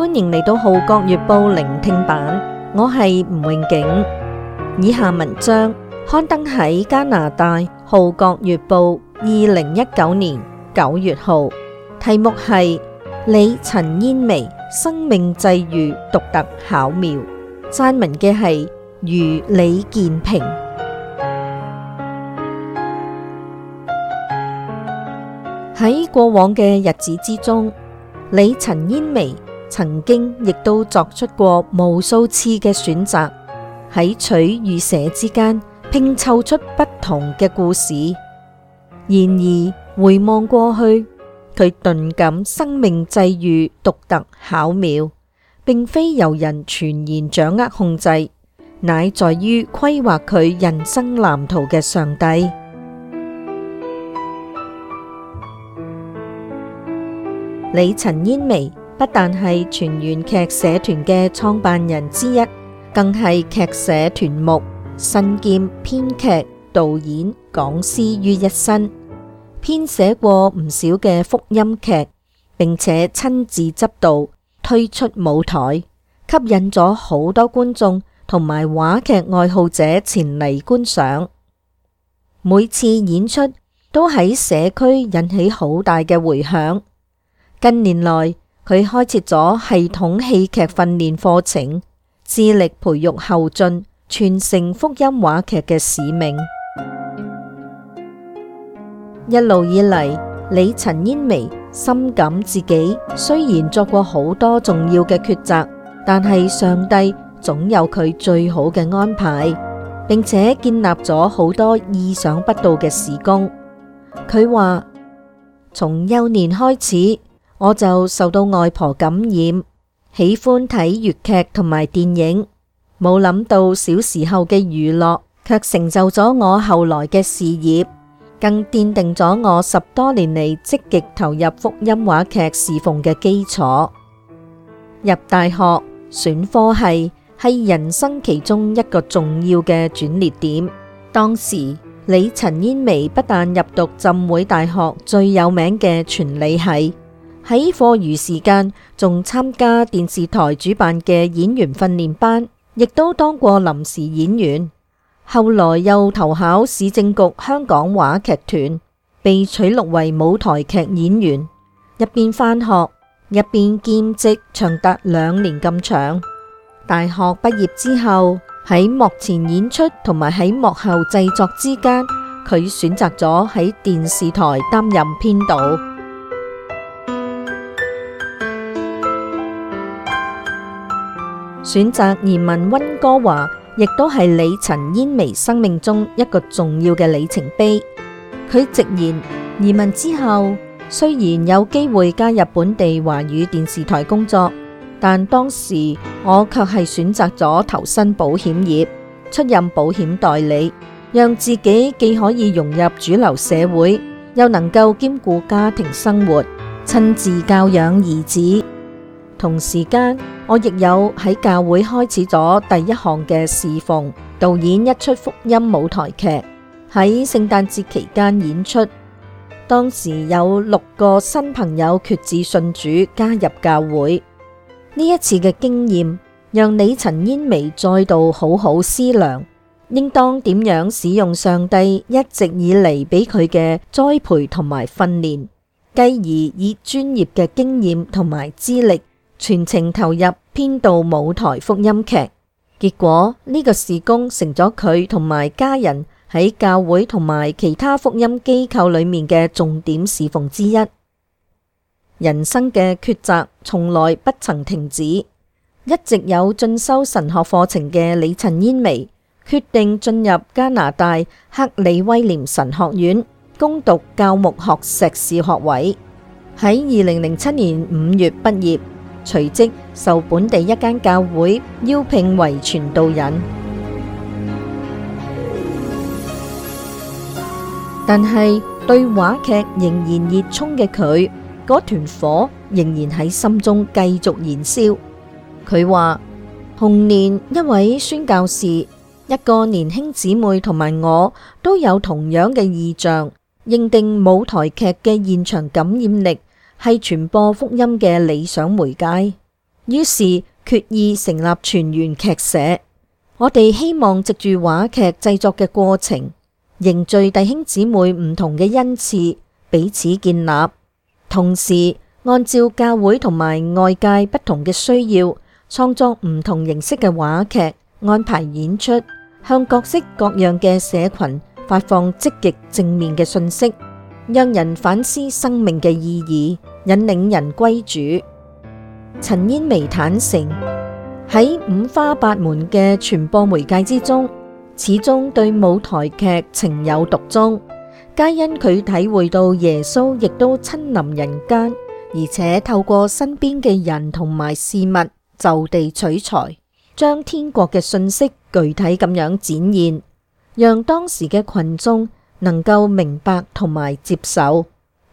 歡迎嚟到《浩國月報》聆聽版，我係吳永景。以下文章刊登喺加拿大《浩國月報》二零一九年九月號，題目係李陳嫣薇生命際遇獨特巧妙。撰文嘅係余李建平。喺過往嘅日子之中，李陳嫣薇。曾經亦都作出過無數次嘅選擇，喺取與捨之間拼湊出不同嘅故事。然而回望過去，佢頓感生命際遇獨特巧妙，並非由人全然掌握控制，乃在於規劃佢人生藍圖嘅上帝。李陳嫣薇。不但係全員劇社團嘅創辦人之一，更係劇社團目、新劍、編劇、導演、講師於一身，編寫過唔少嘅福音劇，並且親自執導推出舞台，吸引咗好多觀眾同埋話劇愛好者前嚟觀賞。每次演出都喺社區引起好大嘅回響。近年來，佢開設咗系統戲劇訓練課程，致力培育後進，傳承福音話劇嘅使命。一路以嚟，李陳嫣薇深感自己雖然作過好多重要嘅抉擇，但係上帝總有佢最好嘅安排，並且建立咗好多意想不到嘅事工。佢話從幼年開始。我就受到外婆感染，喜歡睇粵劇同埋電影，冇諗到小時候嘅娛樂，卻成就咗我後來嘅事業，更奠定咗我十多年嚟，積極投入福音話劇侍奉嘅基礎。入大學選科系係人生其中一個重要嘅轉捩點。當時李陳嫣薇不但入讀浸會大學最有名嘅傳理系，喺課餘時間仲參加電視台主辦嘅演員訓練班，亦都當過臨時演員。後來又投考市政局香港話劇團，被取錄為舞台劇演員。一邊返學，一邊兼職，長達兩年咁長。大學畢業之後，喺幕前演出同埋喺幕後製作之間，佢選擇咗喺電視台擔任編導。選擇移民溫哥華，亦都係李陳嫣薇生命中一個重要嘅里程碑。佢直言，移民之後雖然有機會加入本地華語電視台工作，但當時我卻係選擇咗投身保險業，出任保險代理，讓自己既可以融入主流社會，又能夠兼顧家庭生活，親自教養兒子。同時間，我亦有喺教會開始咗第一項嘅侍奉，導演一出福音舞台劇，喺聖誕節期間演出。當時有六個新朋友決志信主加入教會。呢一次嘅經驗，讓李陳嫣薇再度好好思量，應當點樣使用上帝一直以嚟俾佢嘅栽培同埋訓練，繼而以專業嘅經驗同埋資歷。全程投入編導舞台福音劇，結果呢個事工成咗佢同埋家人喺教會同埋其他福音機構裏面嘅重點侍奉之一。人生嘅抉擇從來不曾停止，一直有進修神學課程嘅李陳嫣薇決定進入加拿大克里威廉神學院攻讀教牧學碩士學位，喺二零零七年五月畢業。隨即受本地一間教會邀聘為傳道人，但係對話劇仍然熱衷嘅佢，嗰團火仍然喺心中繼續燃燒。佢話童年一位宣教士，一個年輕姊妹同埋我都有同樣嘅異象，認定舞台劇嘅現場感染力。係傳播福音嘅理想媒介，於是決意成立全員劇社。我哋希望藉住話劇製作嘅過程，凝聚弟兄姊妹唔同嘅恩賜，彼此建立，同時按照教會同埋外界不同嘅需要，創作唔同形式嘅話劇，安排演出，向各式各樣嘅社群發放積極正面嘅信息，讓人反思生命嘅意義。引領人歸主，陳嫣薇坦誠。喺五花八門嘅傳播媒介之中，始終對舞台劇情有獨鍾，皆因佢體會到耶穌亦都親臨人間，而且透過身邊嘅人同埋事物就地取材，將天國嘅信息具體咁樣展現，讓當時嘅群眾能夠明白同埋接受。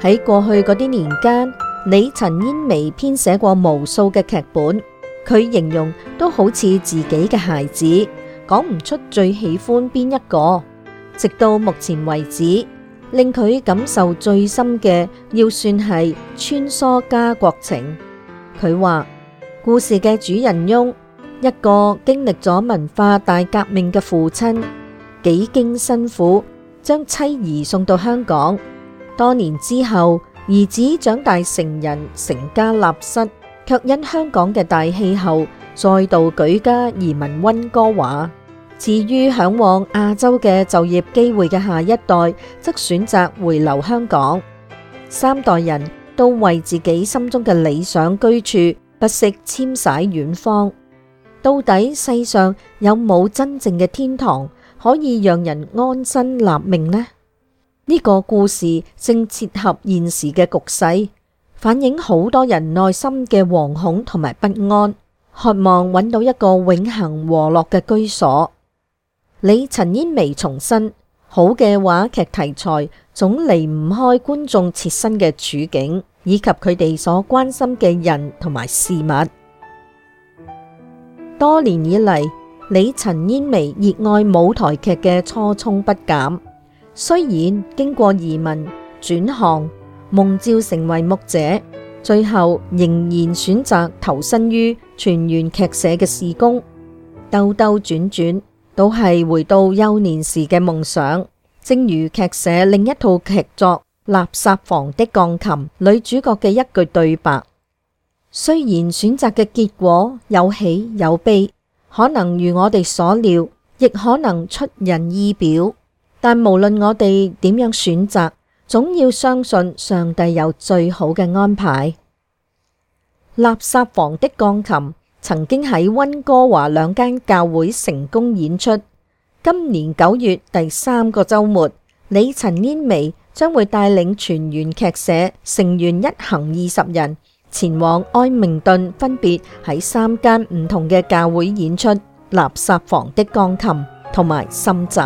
喺過去嗰啲年間，李陳嫣薇編寫過無數嘅劇本，佢形容都好似自己嘅孩子，講唔出最喜歡邊一個。直到目前為止，令佢感受最深嘅，要算係《穿梭家國情》。佢話故事嘅主人翁，一個經歷咗文化大革命嘅父親，幾經辛苦將妻兒送到香港。多年之後，兒子長大成人，成家立室，卻因香港嘅大氣候，再度舉家移民溫哥華。至於嚮往亞洲嘅就業機會嘅下一代，則選擇回流香港。三代人都為自己心中嘅理想居處，不惜遷徙遠方。到底世上有冇真正嘅天堂，可以讓人安身立命呢？呢個故事正切合現時嘅局勢，反映好多人內心嘅惶恐同埋不安，渴望揾到一個永恒和樂嘅居所。李陳嫣薇重申，好嘅話劇題材，總離唔開觀眾切身嘅處境以及佢哋所關心嘅人同埋事物。多年以嚟，李陳嫣薇熱愛舞台劇嘅初衷不減。雖然經過移民轉行，蒙召成為牧者，最後仍然選擇投身於全員劇社嘅事工，兜兜轉轉都係回到幼年時嘅夢想。正如劇社另一套劇作《垃圾房》的鋼琴女主角嘅一句對白：「雖然選擇嘅結果有喜有悲，可能如我哋所料，亦可能出人意表。」但無論我哋點樣選擇，總要相信上帝有最好嘅安排。垃圾房的鋼琴曾經喺溫哥華兩間教會成功演出。今年九月第三個周末，李陳嫣薇將會帶領全員劇社成員一行二十人前往愛明頓，分別喺三間唔同嘅教會演出《垃圾房的鋼琴》同埋《心仔》。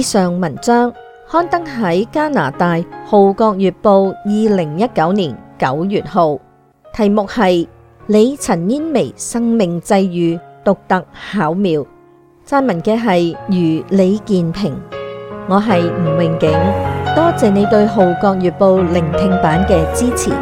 以上文章刊登喺加拿大《號角月報》二零一九年九月號，題目係李陳嫣薇生命際遇獨特巧妙，撰文嘅係余李建平，我係吳永景，多謝你對《號角月報》聆聽版嘅支持。